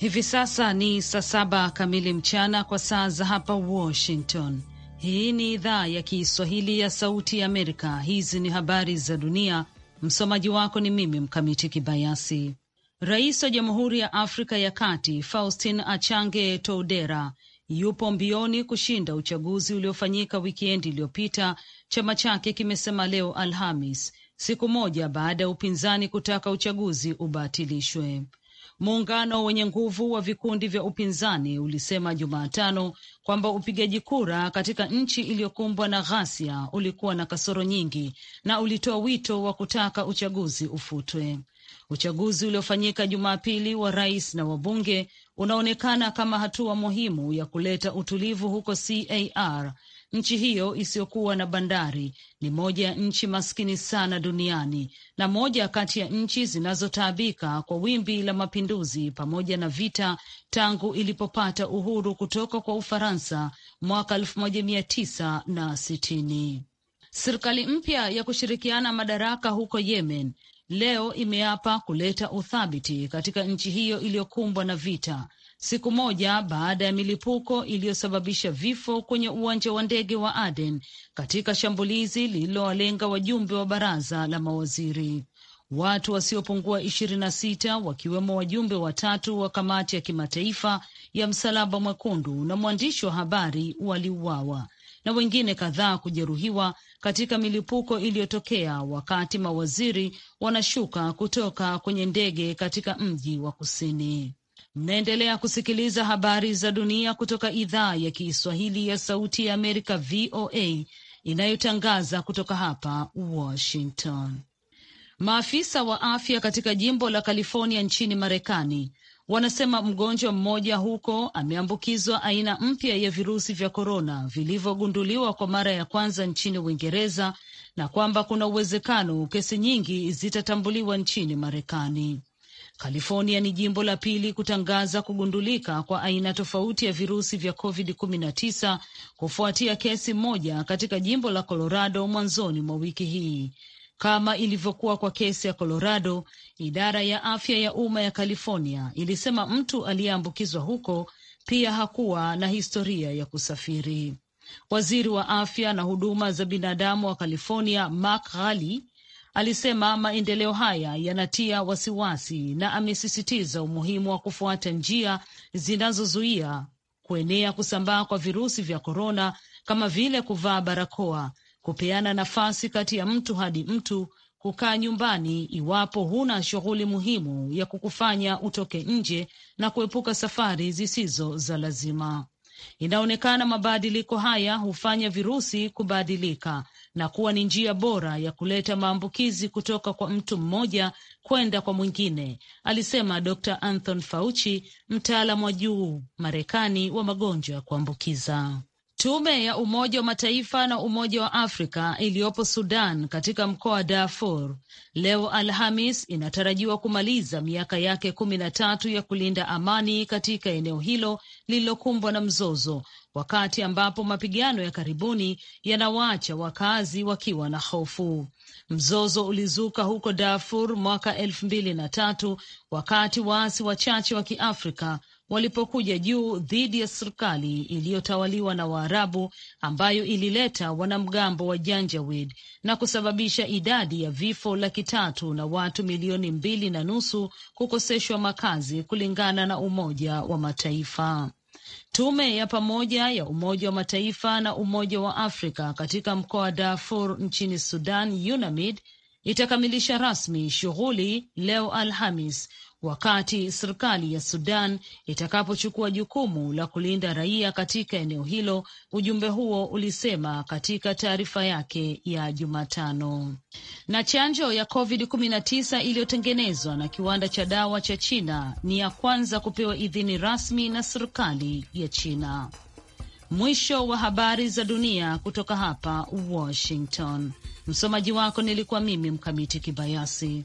Hivi sasa ni saa saba kamili mchana kwa saa za hapa Washington. Hii ni idhaa ya Kiswahili ya Sauti ya Amerika. Hizi ni habari za dunia. Msomaji wako ni mimi Mkamiti Kibayasi. Rais wa Jamhuri ya Afrika ya Kati Faustin Achange Toudera yupo mbioni kushinda uchaguzi uliofanyika wikendi iliyopita, chama chake kimesema leo Alhamis, siku moja baada ya upinzani kutaka uchaguzi ubatilishwe. Muungano wenye nguvu wa vikundi vya upinzani ulisema Jumatano kwamba upigaji kura katika nchi iliyokumbwa na ghasia ulikuwa na kasoro nyingi na ulitoa wito wa kutaka uchaguzi ufutwe. Uchaguzi uliofanyika Jumapili wa rais na wabunge unaonekana kama hatua muhimu ya kuleta utulivu huko CAR Nchi hiyo isiyokuwa na bandari ni moja ya nchi maskini sana duniani na moja kati ya nchi zinazotaabika kwa wimbi la mapinduzi pamoja na vita tangu ilipopata uhuru kutoka kwa Ufaransa mwaka elfu moja mia tisa na sitini. Serikali mpya ya kushirikiana madaraka huko Yemen leo imeapa kuleta uthabiti katika nchi hiyo iliyokumbwa na vita siku moja baada ya milipuko iliyosababisha vifo kwenye uwanja wa ndege wa Aden katika shambulizi lililowalenga wajumbe wa baraza la mawaziri. Watu wasiopungua ishirini na sita wakiwemo wajumbe watatu wa kamati ya kimataifa ya Msalaba Mwekundu na mwandishi wa habari waliuawa na wengine kadhaa kujeruhiwa katika milipuko iliyotokea wakati mawaziri wanashuka kutoka kwenye ndege katika mji wa kusini. Mnaendelea kusikiliza habari za dunia kutoka idhaa ya Kiswahili ya Sauti ya Amerika, VOA, inayotangaza kutoka hapa Washington. Maafisa wa afya katika jimbo la California nchini Marekani wanasema mgonjwa mmoja huko ameambukizwa aina mpya ya virusi vya korona vilivyogunduliwa kwa mara ya kwanza nchini Uingereza na kwamba kuna uwezekano kesi nyingi zitatambuliwa nchini Marekani. California ni jimbo la pili kutangaza kugundulika kwa aina tofauti ya virusi vya COVID-19 kufuatia kesi moja katika jimbo la Colorado mwanzoni mwa wiki hii. Kama ilivyokuwa kwa kesi ya Colorado, idara ya afya ya umma ya California ilisema mtu aliyeambukizwa huko pia hakuwa na historia ya kusafiri. Waziri wa afya na huduma za binadamu wa California, Mark Ghali, Alisema maendeleo haya yanatia wasiwasi na amesisitiza umuhimu wa kufuata njia zinazozuia kuenea kusambaa kwa virusi vya korona kama vile kuvaa barakoa, kupeana nafasi kati ya mtu hadi mtu, kukaa nyumbani iwapo huna shughuli muhimu ya kukufanya utoke nje, na kuepuka safari zisizo za lazima. Inaonekana mabadiliko haya hufanya virusi kubadilika na kuwa ni njia bora ya kuleta maambukizi kutoka kwa mtu mmoja kwenda kwa mwingine, alisema Dr Anthony Fauci, mtaalamu wa juu Marekani wa magonjwa ya kuambukiza. Tume ya Umoja wa Mataifa na Umoja wa Afrika iliyopo Sudan katika mkoa wa Darfur leo Alhamis inatarajiwa kumaliza miaka yake kumi na tatu ya kulinda amani katika eneo hilo lililokumbwa na mzozo, wakati ambapo mapigano ya karibuni yanawaacha wakazi wakiwa na hofu. Mzozo ulizuka huko Darfur mwaka elfu mbili na tatu wakati waasi wachache wa Kiafrika walipokuja juu dhidi ya serikali iliyotawaliwa na Waarabu ambayo ilileta wanamgambo wa Janjawid na kusababisha idadi ya vifo laki tatu na watu milioni mbili na nusu kukoseshwa makazi kulingana na Umoja wa Mataifa. Tume ya pamoja ya Umoja wa Mataifa na Umoja wa Afrika katika mkoa wa Darfur nchini Sudan, UNAMID, itakamilisha rasmi shughuli leo Alhamis wakati serikali ya Sudan itakapochukua jukumu la kulinda raia katika eneo hilo, ujumbe huo ulisema katika taarifa yake ya Jumatano. Na chanjo ya COVID-19 iliyotengenezwa na kiwanda cha dawa cha China ni ya kwanza kupewa idhini rasmi na serikali ya China. Mwisho wa habari za dunia kutoka hapa Washington. Msomaji wako nilikuwa mimi Mkamiti Kibayasi.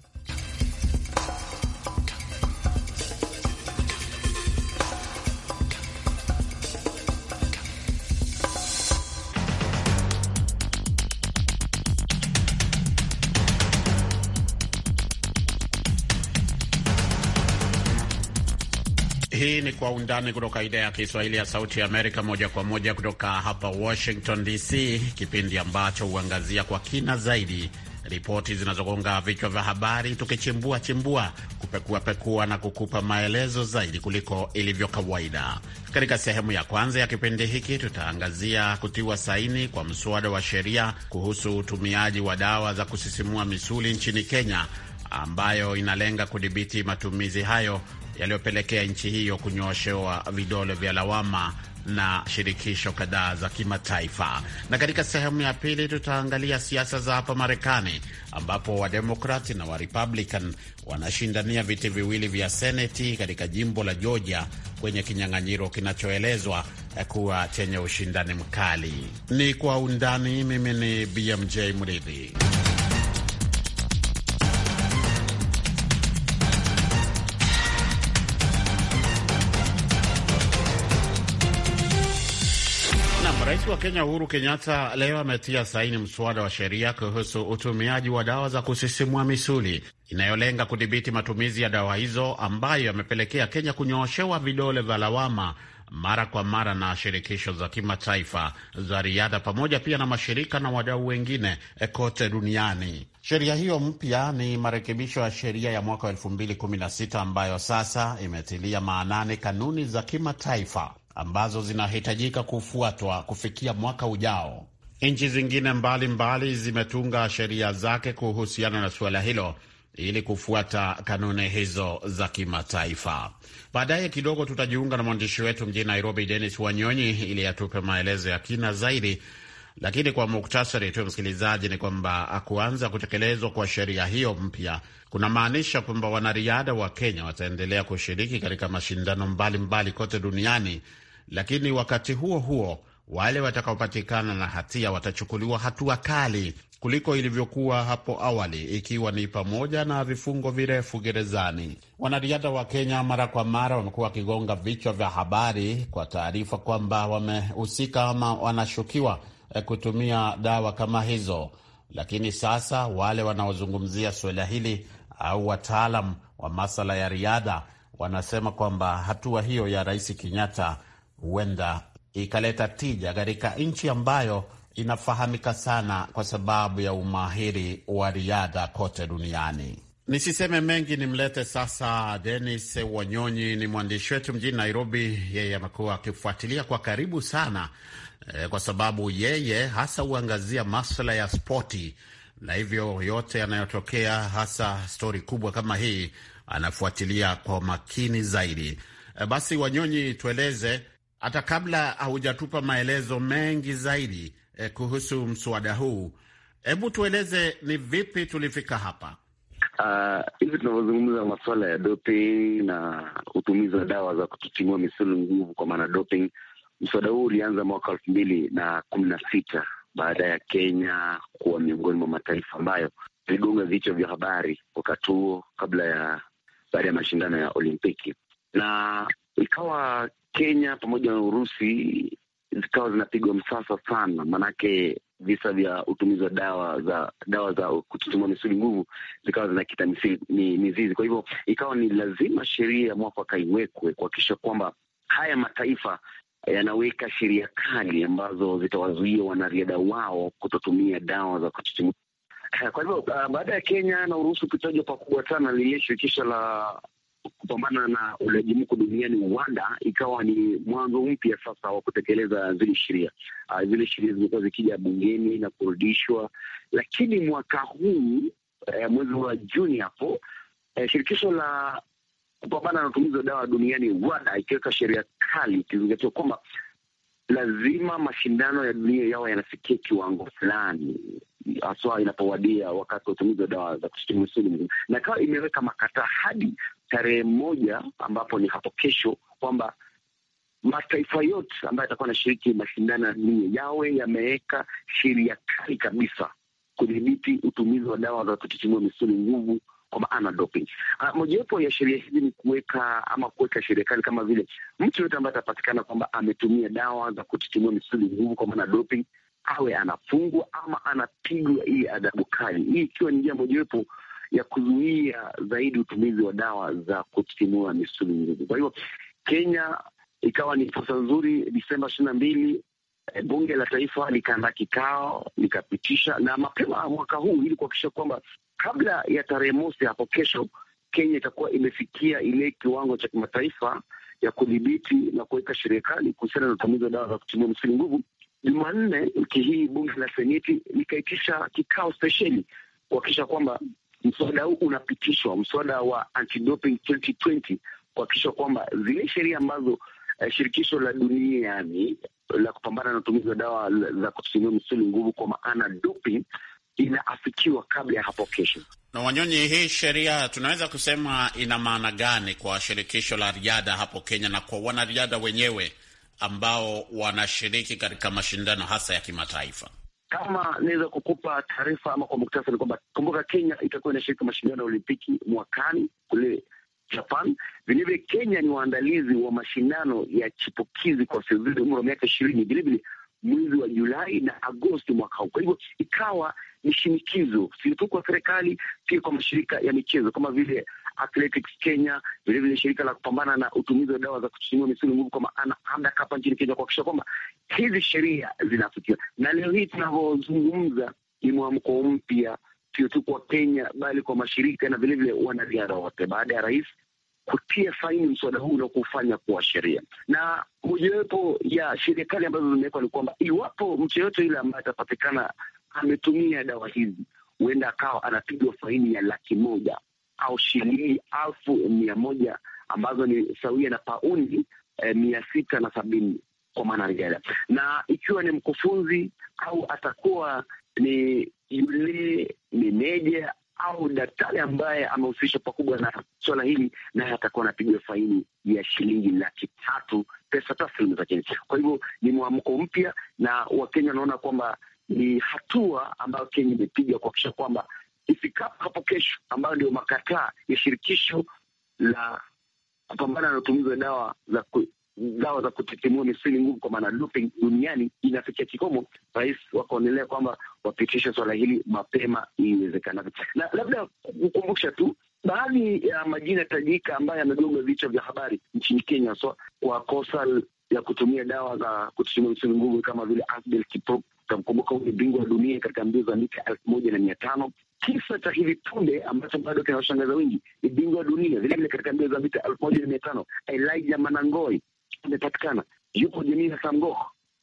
Kwa Undani kutoka idhaa ya Kiswahili ya Sauti Amerika, moja kwa moja kutoka hapa Washington DC, kipindi ambacho huangazia kwa kina zaidi ripoti zinazogonga vichwa vya habari, tukichimbua chimbua, kupekua pekua na kukupa maelezo zaidi kuliko ilivyo kawaida. Katika sehemu ya kwanza ya kipindi hiki tutaangazia kutiwa saini kwa mswada wa sheria kuhusu utumiaji wa dawa za kusisimua misuli nchini Kenya, ambayo inalenga kudhibiti matumizi hayo yaliyopelekea nchi hiyo kunyooshewa vidole vya lawama na shirikisho kadhaa za kimataifa. Na katika sehemu ya pili tutaangalia siasa za hapa Marekani ambapo Wademokrati na Warepublican wanashindania viti viwili vya seneti katika jimbo la Georgia kwenye kinyang'anyiro kinachoelezwa kuwa chenye ushindani mkali. Ni kwa undani. Mimi ni BMJ Mridhi. wa Kenya Uhuru Kenyatta leo ametia saini mswada wa sheria kuhusu utumiaji wa dawa za kusisimua misuli inayolenga kudhibiti matumizi ya dawa hizo ambayo yamepelekea Kenya kunyooshewa vidole vya lawama mara kwa mara na shirikisho za kimataifa za riadha pamoja pia na mashirika na wadau wengine eh, kote duniani. Sheria hiyo mpya ni marekebisho ya sheria ya mwaka wa 2016 ambayo sasa imetilia maanani kanuni za kimataifa ambazo zinahitajika kufuatwa kufikia mwaka ujao. Nchi zingine mbalimbali mbali zimetunga sheria zake kuhusiana na suala hilo ili kufuata kanuni hizo za kimataifa. Baadaye kidogo tutajiunga na mwandishi wetu mjini Nairobi, Denis Wanyonyi, ili atupe maelezo ya kina zaidi. Lakini kwa muktasari tu, msikilizaji, ni kwamba kuanza kutekelezwa kwa sheria hiyo mpya kunamaanisha kwamba wanariadha wa Kenya wataendelea kushiriki katika mashindano mbalimbali mbali kote duniani lakini wakati huo huo wale watakaopatikana na hatia watachukuliwa hatua kali kuliko ilivyokuwa hapo awali, ikiwa ni pamoja na vifungo virefu gerezani. Wanariadha wa Kenya mara kwa mara wamekuwa wakigonga vichwa vya habari kwa taarifa kwamba wamehusika ama wanashukiwa eh, kutumia dawa kama hizo, lakini sasa wale wanaozungumzia suala hili au wataalam wa masala ya riadha wanasema kwamba hatua hiyo ya Rais Kenyatta huenda ikaleta tija katika nchi ambayo inafahamika sana kwa sababu ya umahiri wa riadha kote duniani. Nisiseme mengi, nimlete sasa Denis Wanyonyi. Ni mwandishi wetu mjini Nairobi. Yeye amekuwa akifuatilia kwa karibu sana e, kwa sababu yeye hasa huangazia maswala ya spoti, na hivyo yote yanayotokea, hasa stori kubwa kama hii, anafuatilia kwa makini zaidi. E, basi Wanyonyi, tueleze hata kabla haujatupa maelezo mengi zaidi eh, kuhusu mswada huu, hebu tueleze ni vipi tulifika hapa? Ah, hivi uh, tunavyozungumza masuala ya doping na utumizi wa dawa za kututimua misuli nguvu, kwa maana doping, mswada huu ulianza mwaka elfu mbili na kumi na sita baada ya Kenya kuwa miongoni mwa mataifa ambayo iligonga vichwa vya habari wakati huo, kabla ya baada ya mashindano ya Olimpiki, na ikawa Kenya pamoja na Urusi zikawa zinapigwa msasa sana, maanake visa vya utumizi wa dawa za dawa za kututumua misuli nguvu zikawa zinakita mizizi. Kwa hivyo ikawa ni lazima sheria ya mwafaka iwekwe kuhakikisha kwamba haya mataifa yanaweka sheria kali ambazo zitawazuia wanariadha wao kutotumia dawa za kututumua. Kwa hivyo uh, baada ya Kenya na Urusi, kutajwa pakubwa sana lile shirikisho la kupambana na ulaji mko duniani wanda ikawa ni mwanzo mpya sasa wa kutekeleza zile sheria. Ah, zile sheria zimekuwa zikija bungeni na kurudishwa, lakini mwaka huu eh, mwezi wa Juni hapo eh, shirikisho la kupambana na utumizi wa dawa duniani WADA ikiweka sheria kali ikizingatiwa kwamba lazima mashindano ya dunia yao yanafikia kiwango fulani, haswa inapowadia wakati wa utumizi wa dawa za kushtumu na kawa imeweka makataa hadi tarehe moja ambapo ni hapo kesho kwamba mataifa yote ambayo yatakuwa anashiriki mashindano ya dunia yawe yameweka sheria kali kabisa kudhibiti utumizi wa dawa za kutitimua misuli nguvu kwa maana doping. Ah, mojawapo ya sheria hizi ni kuweka ama kuweka sheria kali kama vile mtu yoyote ambaye atapatikana kwamba ametumia dawa za kutitimua misuli nguvu kwa maana doping awe anafungwa ama anapigwa ili adhabu kali. Hii ikiwa ni njia mojawapo ya kuzuia zaidi utumizi wa dawa za kutimua misuli nguvu Kwa hivyo Kenya ikawa ni fursa nzuri. Disemba ishirini na mbili eh, bunge la taifa likaandaa kikao likapitisha, na mapema mwaka huu ili kuhakikisha kwamba kabla ya tarehe mosi hapo kesho Kenya itakuwa imefikia ile kiwango cha kimataifa ya kudhibiti na kuweka sheria kali kuhusiana na utumizi wa dawa za kutimua misuli nguvu. Jumanne wiki hii bunge la seneti likaitisha kikao spesheli kuhakikisha kwamba mswada huu unapitishwa, mswada wa antidoping 2020 kuhakikisha kwamba zile sheria ambazo eh, shirikisho la dunia yani la kupambana na utumizi wa dawa za kusimia misuli nguvu kwa maana doping inaafikiwa kabla ya hapo kesho. Na Wanyonyi, hii sheria tunaweza kusema ina maana gani kwa shirikisho la riadha hapo Kenya na kwa wanariadha wenyewe ambao wanashiriki katika mashindano hasa ya kimataifa? Kama naweza kukupa taarifa ama kwa muktasa ni kwamba kumbuka, Kenya itakuwa inashiriki mashindano ya Olimpiki mwakani kule Japan. Vilevile Kenya ni waandalizi wa mashindano ya chipukizi kwa wasiozidi umri wa miaka ishirini vilevile mwezi wa Julai na Agosti mwaka huu. Kwa hivyo ikawa ni shinikizo sio tu kwa serikali, pia kwa mashirika ya michezo kama vile Athletics Kenya, vilevile shirika la kupambana na utumizi wa dawa za kutumia misuli nguvu maana ANDAC hapa nchini Kenya, kuhakikisha kwamba hizi sheria zinafikiwa. Na leo hii tunavyozungumza ni mwamko mpya, sio tu kwa Kenya bali kwa mashirika na vilevile wanariadha wote, baada ya rais kutia saini mswada huu na kufanya kuwa sheria. Na mojawapo ya sheria kali ambazo zimewekwa ni kwamba iwapo mtu yoyote yule ambaye atapatikana ametumia dawa hizi huenda akawa anapigwa faini ya laki moja au shilingi alfu mia moja ambazo ni sawia na paundi eh, mia sita na sabini kwa maana na ikiwa ni mkufunzi au atakuwa ni yule meneja au daktari ambaye amehusishwa pakubwa na swala hili, naye atakuwa anapigwa faini ya shilingi laki tatu pesa taslimu za Kenya. Kwa hivyo ni mwamko mpya, na Wakenya wanaona kwamba ni hatua ambayo Kenya imepiga kuhakikisha kwamba ifikapo hapo kesho, ambayo ndio makataa ya shirikisho la kupambana na utumizi wa dawa za ku, dawa za kutitimua misuli nguvu kwa maana doping duniani inafikia kikomo, rais wakaonelea kwamba wapitishe swala hili mapema iwezekanavyo. Na labda kukumbusha tu baadhi ya majina tajika ambayo yamegonga vichwa vya habari nchini Kenya so, kwa kosa ya kutumia dawa za kutitimua misuli nguvu kama vile Asbel Kiprop, utamkumbuka huyu bingwa wa dunia katika mbio za mita elfu moja na mia tano Kisa cha hivi punde ambacho bado kinawashangaza wengi ni bingwa dunia vilevile katika mbio za mita elfu moja na mia tano Elijah Manangoi amepatikana. Yupo Jimmy Hassan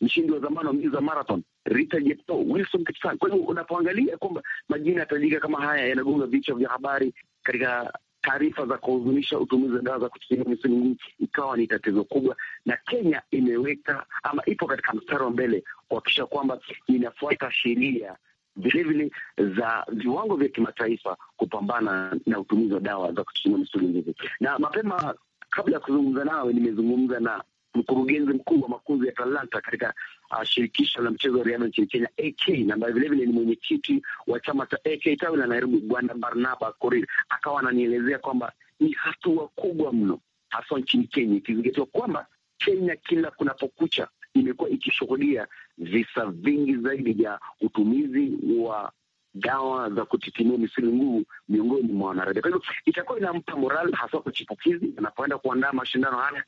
mshindi wa zamani wa mbio za marathon, Rita Jepto, Wilson Kipsang. Kwa hiyo unapoangalia kwamba majina yatajika kama haya yanagonga vichwa vya habari katika taarifa za kuhuzunisha, utumizi wa dawa za kutuia misuli mingi ikawa ni tatizo kubwa, na Kenya imeweka ama ipo katika mstari wa mbele kuhakikisha kwamba inafuata sheria vilevile za viwango vya kimataifa kupambana na utumizi wa dawa za kututumia misuli nguvu. Na mapema kabla ya kuzungumza nawe, nimezungumza na mkurugenzi mkuu wa makuzi ya talanta katika uh, shirikisho la mchezo wa riadha nchini Kenya AK na ambaye vilevile ni mwenyekiti wa chama cha AK tawi la Nairobi, Bwana Barnaba Korir, akawa ananielezea kwamba ni hatua kubwa mno haswa nchini Kenya ikizingatiwa kwamba Kenya kila kunapokucha imekuwa ikishuhudia visa vingi zaidi vya utumizi wa dawa za kutitimia misuli nguvu miongoni mwa wanaradia. Kwa hivyo itakuwa inampa moral hasa kwa chipukizi anapoenda kuandaa mashindano haya,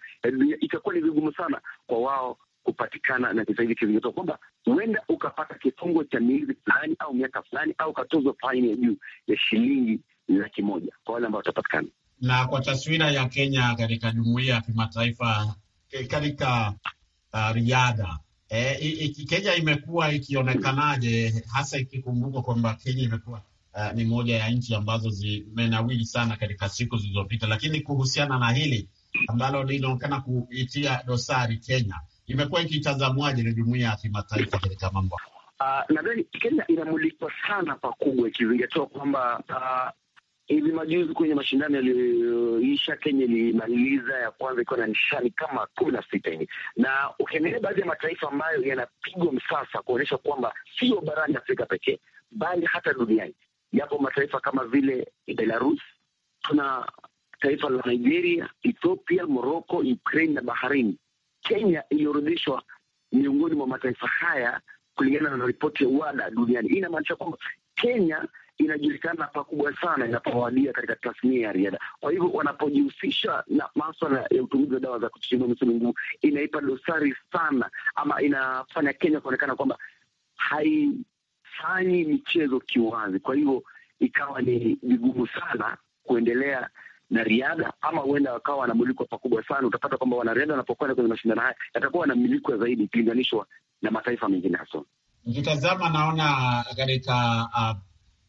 itakuwa ni vigumu sana kwa wao kupatikana na kisa hivi kizito, kwamba huenda ukapata kifungo cha miezi fulani au miaka fulani au ukatozwa faini ya juu ya shilingi laki moja kwa wale ambao watapatikana. Na kwa taswira ya Kenya katika jumuiya ya kimataifa eh, katika uh, riadha e, i, i, Kenya imekuwa ikionekanaje hasa ikikumbuka kwamba Kenya imekuwa uh, ni moja ya nchi ambazo zimenawili sana katika siku zilizopita, lakini kuhusiana na hili ambalo linaonekana kuitia dosari Kenya, imekuwa ikitazamwaje na jumuiya ya kimataifa katika mambo Uh, nadhani Kenya inamulikwa sana pakubwa ikizingatiwa kwamba uh, hivi majuzi kwenye mashindano yaliyoisha, Kenya ilimaliza ya kwanza ikiwa na nishani kama kumi na sita hivi, na ukiangalia baadhi ya mataifa ambayo yanapigwa msasa kuonyesha kwamba sio barani Afrika pekee, bali hata duniani yapo mataifa kama vile Belarus, tuna taifa la Nigeria, Ethiopia, Morocco, Ukraine na Bahrain. Kenya iliorodheshwa miongoni mwa mataifa haya kulingana na ripoti ya WADA duniani. Hii inamaanisha kwamba Kenya inajulikana pakubwa sana inapowadia katika tasnia ya riadha. Kwa hivyo wanapojihusisha na maswala ya utumizi wa dawa za kuchimbua misuli nguvu inaipa dosari sana, ama inafanya Kenya kuonekana kwamba haifanyi michezo kiwazi. Kwa hivyo ikawa ni vigumu sana kuendelea na riadha ama huenda wakawa wanamilikwa pakubwa sana. Utapata kwamba wanariadha wanapokwenda kwenye mashindano haya yatakuwa wanamilikwa zaidi ikilinganishwa na mataifa mengine. Haswa nikitazama naona katika uh,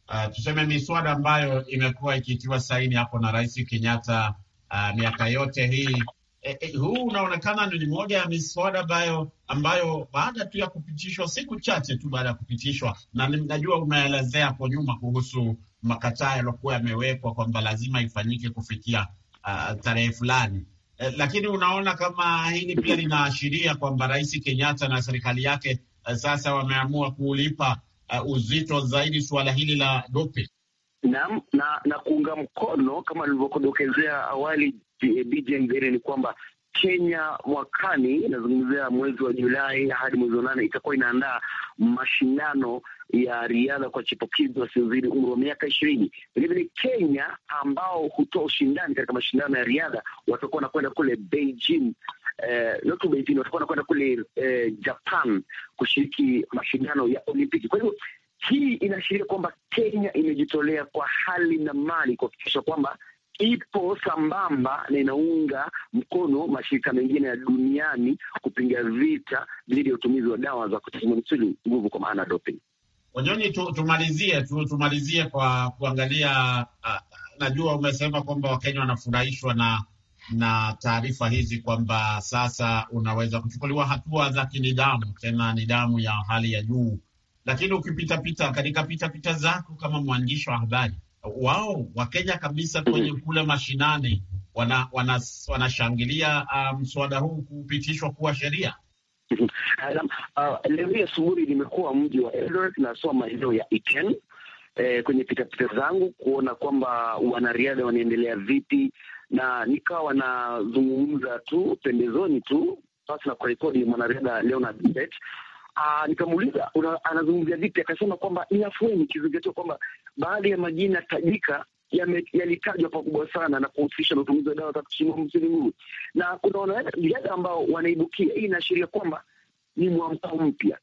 uh, tuseme miswada ambayo imekuwa ikitiwa saini hapo na Rais Kenyatta uh, miaka yote hii eh, eh, huu unaonekana ni moja ya miswada ambayo ambayo baada tu ya kupitishwa siku chache tu baada ya kupitishwa, na najua umeelezea hapo nyuma kuhusu makataa yaliokuwa yamewekwa kwamba lazima ifanyike kufikia uh, tarehe fulani eh, lakini unaona kama hili pia linaashiria kwamba Rais Kenyatta na serikali yake eh, sasa wameamua kulipa uh, uzito zaidi suala hili la doping? Naam, na na kuunga mkono kama nilivyokudokezea awali BJ eh, ni kwamba Kenya mwakani, inazungumzia mwezi wa Julai hadi mwezi wa nane, itakuwa inaandaa mashindano ya riadha kwa chipukizi wasiozidi umri wa miaka ishirini. Vilevile Kenya ambao hutoa ushindani katika mashindano ya riadha watakuwa wanakwenda kule Beijing Nottingham eh, hivi watakuwa wanakwenda kule eh, Japan kushiriki mashindano ya Olimpiki. Kwa hivyo hii inaashiria kwamba Kenya imejitolea kwa hali na mali kuhakikisha kwamba ipo sambamba na inaunga mkono mashirika mengine ya duniani kupinga vita dhidi ya utumizi wa dawa za kutibu misuli nguvu, kwa maana doping. Wanyonyi, tumalizie tu, tumalizie kwa kuangalia. Uh, najua umesema kwamba Wakenya wanafurahishwa na na taarifa hizi kwamba sasa unaweza kuchukuliwa hatua za kinidhamu, tena nidhamu ya hali ya juu. Lakini ukipitapita katika pitapita zako kama mwandishi wa habari, wao Wakenya kabisa kwenye mm-hmm. kule mashinani wanashangilia wana, wana uh, mswada um, huu kupitishwa kuwa sheria. Mm-hmm. Uh, leo hii asubuhi nimekuwa mji wa Eldoret soa maeneo ya Iten. Eh, kwenye pitapita zangu kuona kwamba wanariadha wanaendelea vipi na nikawa nazungumza tu pembezoni tu pasi na kurekodi mwanariadha Leonard Bett. Ah, nikamuuliza anazungumzia vipi, akasema kwamba ni afueni, ikizingatiwa kwamba baadhi ya majina tajika yalitajwa pakubwa sana na kuhusisha na utumizi wa dawa za kushimua misuli huu na kuna wanariadha ambao wanaibukia. Hii inaashiria kwamba ni mwamko mpya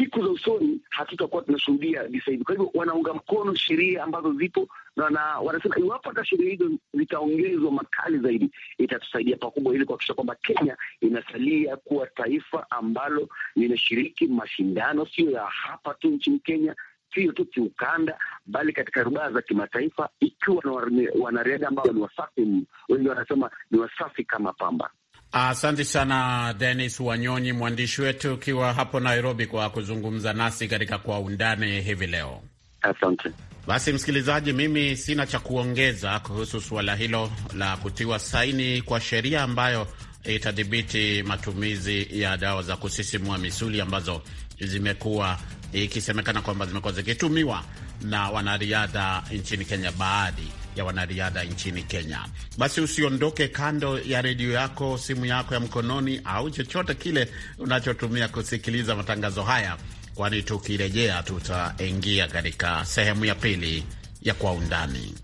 siku za usoni hatutakuwa tunashuhudia visa hivi. Kwa hivyo wanaunga mkono sheria ambazo zipo na wanasema iwapo hata sheria hizo zitaongezwa makali zaidi, itatusaidia pakubwa ili kuhakikisha kwamba Kenya inasalia kuwa taifa ambalo linashiriki mashindano sio ya hapa tu nchini Kenya, sio tu kiukanda, bali katika rubaa za kimataifa, ikiwa na wanariadha ambao ni wasafi, wengi wanasema ni wasafi kama pamba. Asante sana Denis Wanyonyi, mwandishi wetu ukiwa hapo Nairobi, kwa kuzungumza nasi katika Kwa Undani hivi leo. Asante. Basi msikilizaji, mimi sina cha kuongeza kuhusu suala hilo la kutiwa saini kwa sheria ambayo itadhibiti matumizi ya dawa za kusisimua misuli ambazo zimekuwa ikisemekana kwamba zimekuwa zikitumiwa na wanariadha nchini Kenya baadhi ya wanariadha nchini Kenya. Basi usiondoke kando ya redio yako, simu yako ya mkononi au chochote kile unachotumia kusikiliza matangazo haya, kwani tukirejea tutaingia katika sehemu ya pili ya Kwa Undani.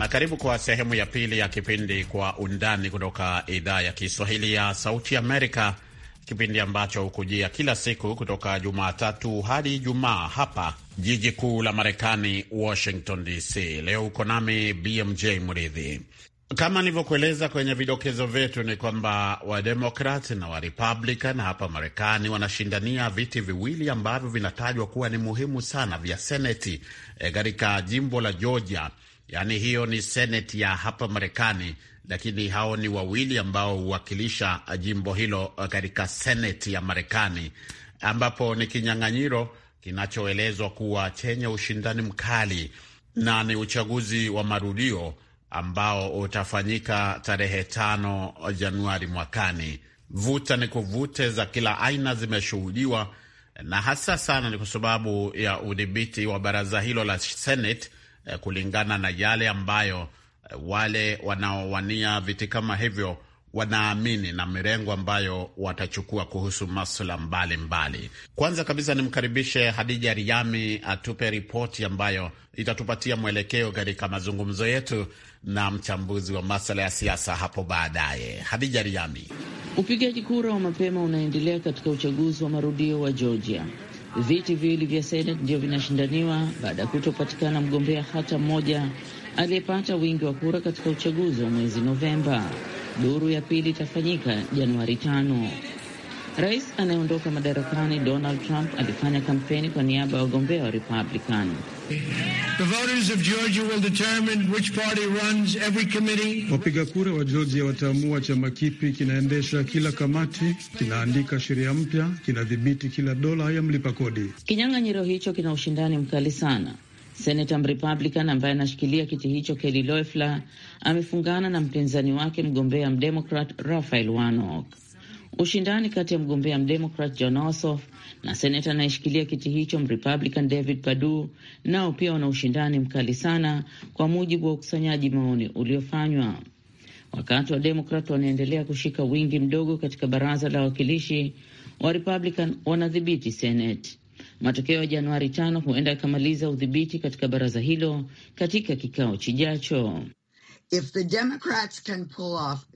na karibu kwa sehemu ya pili ya kipindi Kwa Undani kutoka idhaa ya Kiswahili ya Sauti Amerika, kipindi ambacho hukujia kila siku kutoka Jumatatu hadi jumaa hapa jiji kuu la Marekani, Washington DC. Leo uko nami BMJ Mridhi. Kama nilivyokueleza kwenye vidokezo vyetu, ni kwamba Wademokrat na Warepublican hapa Marekani wanashindania viti viwili ambavyo vinatajwa kuwa ni muhimu sana vya Seneti eh, katika e, jimbo la Georgia Yaani hiyo ni seneti ya hapa Marekani, lakini hao ni wawili ambao huwakilisha jimbo hilo uh, katika seneti ya Marekani, ambapo ni kinyang'anyiro kinachoelezwa kuwa chenye ushindani mkali na ni uchaguzi wa marudio ambao utafanyika tarehe tano Januari mwakani. Vuta ni kuvute za kila aina zimeshuhudiwa na hasa sana ni kwa sababu ya udhibiti wa baraza hilo la Senate Eh, kulingana na yale ambayo eh, wale wanaowania viti kama hivyo wanaamini na mirengo ambayo watachukua kuhusu maswala mbalimbali. Kwanza kabisa nimkaribishe Hadija Riami atupe ripoti ambayo itatupatia mwelekeo katika mazungumzo yetu na mchambuzi wa masala ya siasa hapo baadaye. Hadija Riami. Upigaji kura wa mapema unaendelea katika uchaguzi wa marudio wa Georgia. Viti viwili vya Senate ndio vinashindaniwa baada ya kutopatikana mgombea hata mmoja aliyepata wingi wa kura katika uchaguzi wa mwezi Novemba. Duru ya pili itafanyika Januari tano. Rais anayeondoka madarakani Donald Trump alifanya kampeni kwa niaba ya wagombea wa Republican. Wapiga kura wa Georgia wataamua chama kipi kinaendesha kila kamati, kinaandika sheria mpya, kinadhibiti kila dola ya mlipa kodi. Kinyang'anyiro hicho kina ushindani mkali sana. Senata Mrepublican ambaye anashikilia kiti hicho Kelly Loeffler amefungana na mpinzani wake mgombea Mdemokrat Rafael Warnock. Ushindani kati ya mgombea mdemokrat John Ossoff na seneta anayeshikilia kiti hicho mrepublican David Perdue nao pia wana ushindani mkali sana, kwa mujibu wa ukusanyaji maoni uliofanywa. Wakati wa demokrat wanaendelea kushika wingi mdogo katika baraza la wawakilishi, wa republican wanadhibiti senate. Matokeo ya Januari tano huenda yakamaliza udhibiti katika baraza hilo katika kikao chijacho If the Democrats can pull off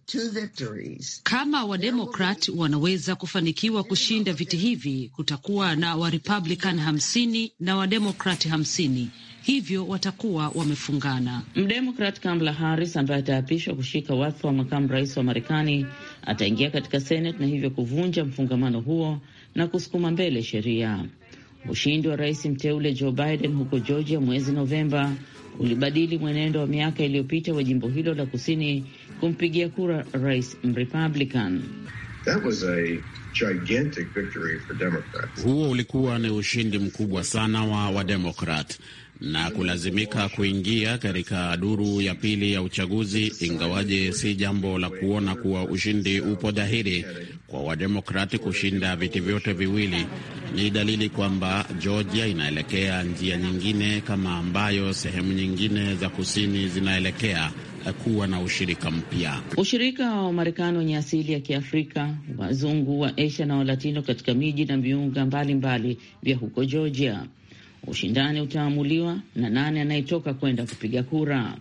kama Wademokrat wanaweza kufanikiwa kushinda viti hivi, kutakuwa na Warepublican hamsini na Wademokrat hamsini, hivyo watakuwa wamefungana. Mdemokrat Kamala Harris ambaye ataapishwa kushika wadhifa wa makamu rais wa Marekani ataingia katika Senate na hivyo kuvunja mfungamano huo na kusukuma mbele sheria. Ushindi wa rais mteule Joe Biden huko Georgia mwezi Novemba ulibadili mwenendo wa miaka iliyopita wa jimbo hilo la kusini kumpigia kura rais Mrepublican. Huo ulikuwa ni ushindi mkubwa sana wa Wademokrat na kulazimika kuingia katika duru ya pili ya uchaguzi, ingawaje si jambo la kuona kuwa ushindi upo dhahiri kwa Wademokrati kushinda viti vyote viwili. Ni dalili kwamba Georgia inaelekea njia nyingine, kama ambayo sehemu nyingine za kusini zinaelekea kuwa na ushirika mpya. Ushirika wa marekani wenye asili ya Kiafrika, wazungu wa Asia na Walatino katika miji na viunga mbalimbali vya huko Georgia Ushindani utaamuliwa na nani anayetoka kwenda kupiga kura.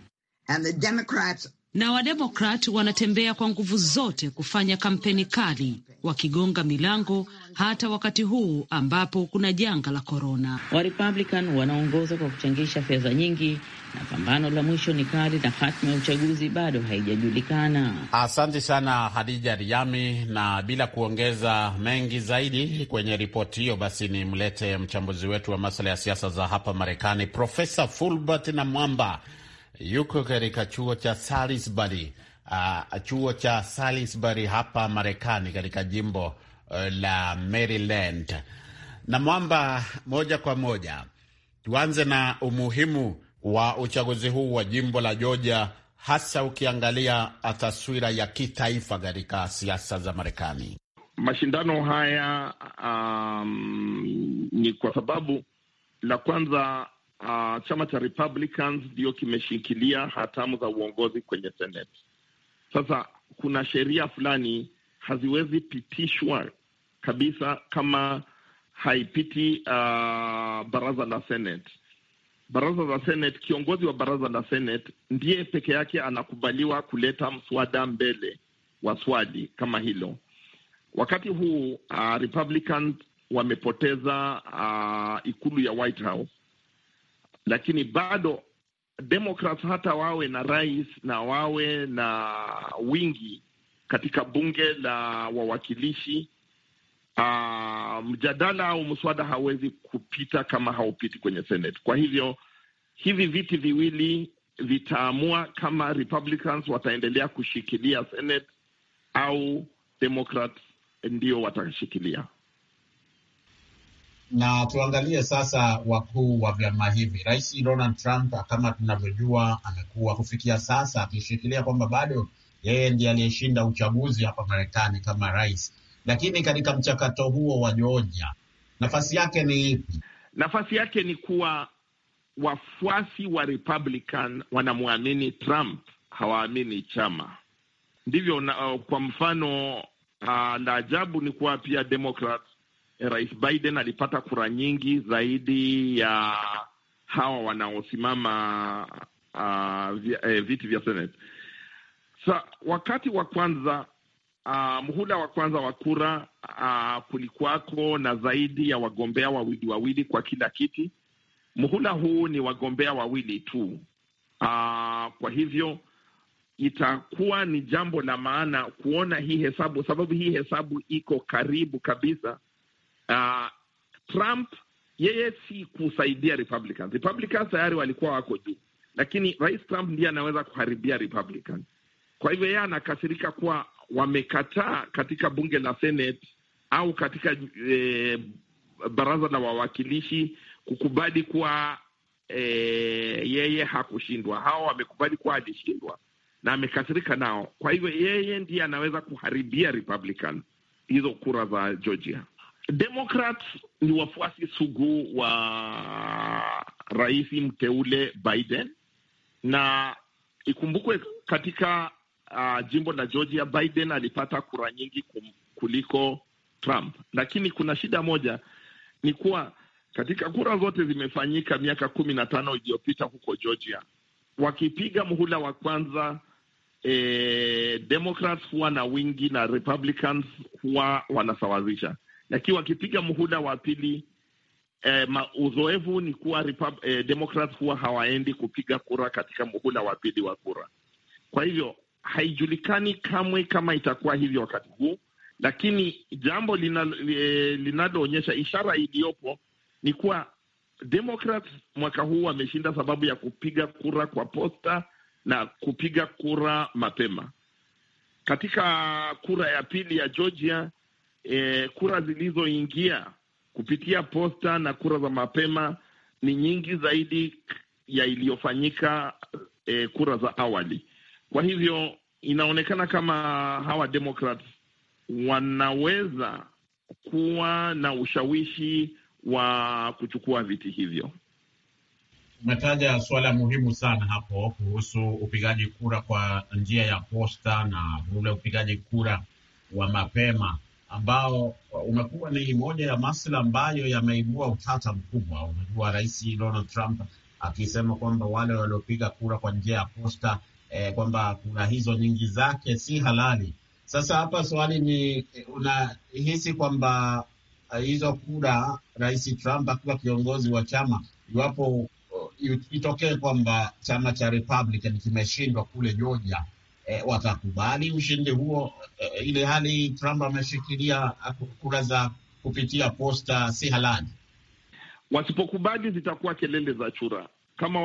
And the Democrats... na Wademokrat wanatembea kwa nguvu zote kufanya kampeni kali, wakigonga milango hata wakati huu ambapo kuna janga la korona. Warepublican wanaongoza kwa kuchangisha fedha nyingi na pambano la mwisho ni kali na hatima ya uchaguzi bado haijajulikana. Asante sana Hadija Riami, na bila kuongeza mengi zaidi kwenye ripoti hiyo, basi nimlete mchambuzi wetu wa masuala ya siasa za hapa Marekani, Profesa Fulbert na Mwamba, yuko katika chuo cha Salisbury, uh, chuo cha Salisbury hapa Marekani, katika jimbo uh, la Maryland. Na Mwamba, moja kwa moja tuanze na umuhimu wa uchaguzi huu wa jimbo la Georgia, hasa ukiangalia uh, taswira ya kitaifa katika siasa za Marekani. Mashindano haya um, ni kwa sababu la kwanza uh, chama cha Republicans ndio kimeshikilia hatamu za uongozi kwenye Senate. Sasa kuna sheria fulani haziwezi pitishwa kabisa kama haipiti uh, baraza la Senate baraza la Senate, kiongozi wa baraza la Senate ndiye peke yake anakubaliwa kuleta mswada mbele wa swali kama hilo. Wakati huu uh, Republicans wamepoteza uh, ikulu ya White House, lakini bado Democrats hata wawe na rais na wawe na wingi katika bunge la wawakilishi uh, mjadala au mswada hawezi kupita kama haupiti kwenye Senate. Kwa hivyo hivi viti viwili vitaamua kama Republicans wataendelea kushikilia Senate au Democrats ndio watashikilia. Na tuangalie sasa wakuu wa vyama hivi. Rais Donald Trump kama tunavyojua, amekuwa kufikia sasa akishikilia kwamba bado yeye ndiye aliyeshinda uchaguzi hapa Marekani kama rais lakini katika mchakato huo wa Jooja nafasi yake ni ipi? Nafasi yake ni kuwa wafuasi wa Republican wanamwamini Trump, hawaamini chama. Ndivyo na, uh, kwa mfano uh, la ajabu ni kuwa pia Democrats eh, Rais Biden alipata kura nyingi zaidi ya hawa wanaosimama uh, vya, eh, viti vya Senate. Sa wakati wa kwanza Uh, muhula wa kwanza wa kura uh, kulikuwako na zaidi ya wagombea wawili wawili kwa kila kiti. Muhula huu ni wagombea wawili tu. Uh, kwa hivyo itakuwa ni jambo la maana kuona hii hesabu, sababu hii hesabu iko karibu kabisa. Uh, Trump yeye si kusaidia Republicans. Republicans tayari walikuwa wako juu, lakini Rais Trump ndiye anaweza kuharibia Republicans. Kwa hivyo yeye anakasirika kuwa wamekataa katika bunge la Senate au katika e, baraza la wawakilishi kukubali kuwa e, yeye hakushindwa. Hao wamekubali kuwa alishindwa na amekasirika nao. Kwa hivyo yeye ndiye anaweza kuharibia Republican hizo kura za Georgia. Democrats ni wafuasi sugu wa rais mteule Biden, na ikumbukwe katika uh, jimbo la Georgia Biden alipata kura nyingi kum, kuliko Trump, lakini kuna shida moja ni kuwa katika kura zote zimefanyika miaka kumi na tano iliyopita huko Georgia, wakipiga muhula wa kwanza e, Democrats huwa na wingi na Republicans huwa wanasawazisha, lakini wakipiga muhula wa pili e, uzoefu ni kuwa Repub, e, eh, Democrats huwa hawaendi kupiga kura katika muhula wa pili wa kura. Kwa hivyo haijulikani kamwe kama itakuwa hivyo wakati huu, lakini jambo eh, linaloonyesha li, ishara iliyopo ni kuwa demokrat mwaka huu wameshinda sababu ya kupiga kura kwa posta na kupiga kura mapema. Katika kura ya pili ya Georgia, e, kura zilizoingia kupitia posta na kura za mapema ni nyingi zaidi ya iliyofanyika e, kura za awali. Kwa hivyo inaonekana kama hawa Democrats wanaweza kuwa na ushawishi wa kuchukua viti hivyo. Umetaja suala muhimu sana hapo kuhusu upigaji kura kwa njia ya posta na ule upigaji kura wa mapema ambao umekuwa ni moja ya masuala ambayo yameibua utata mkubwa. Umejua Rais Donald Trump akisema kwamba wale waliopiga kura kwa njia ya posta eh, kwamba kuna hizo nyingi zake si halali. Sasa hapa swali ni eh, unahisi kwamba eh, hizo kura Rais Trump akiwa kiongozi wa chama, iwapo oh, itokee kwamba chama cha Republican kimeshindwa kule Georgia, e, watakubali ushindi huo e, ile hali Trump ameshikilia ah, kura za kupitia posta si halali? Wasipokubali zitakuwa kelele za chura kama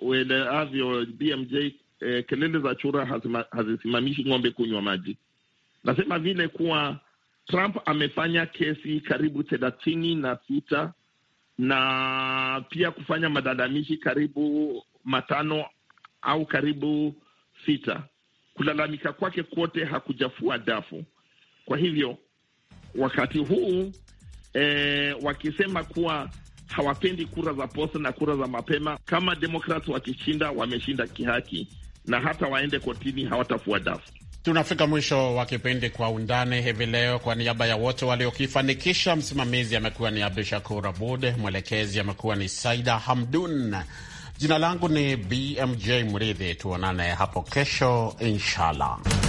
ueleavyo BMJ eh, kelele za chura hazisimamishi ng'ombe kunywa maji. Nasema vile kuwa Trump amefanya kesi karibu thelathini na sita na pia kufanya malalamishi karibu matano au karibu sita. Kulalamika kwake kote hakujafua dafu. Kwa hivyo wakati huu eh, wakisema kuwa hawapendi kura za posta na kura za mapema. Kama Demokrat wakishinda, wameshinda kihaki, na hata waende kotini hawatafua dafu. Tunafika mwisho wa kipindi Kwa Undani hivi leo. Kwa niaba ya wote waliokifanikisha, msimamizi amekuwa ni Abdu Shakur Abud, mwelekezi amekuwa ni Saida Hamdun. Jina langu ni BMJ Mridhi. Tuonane hapo kesho, inshallah.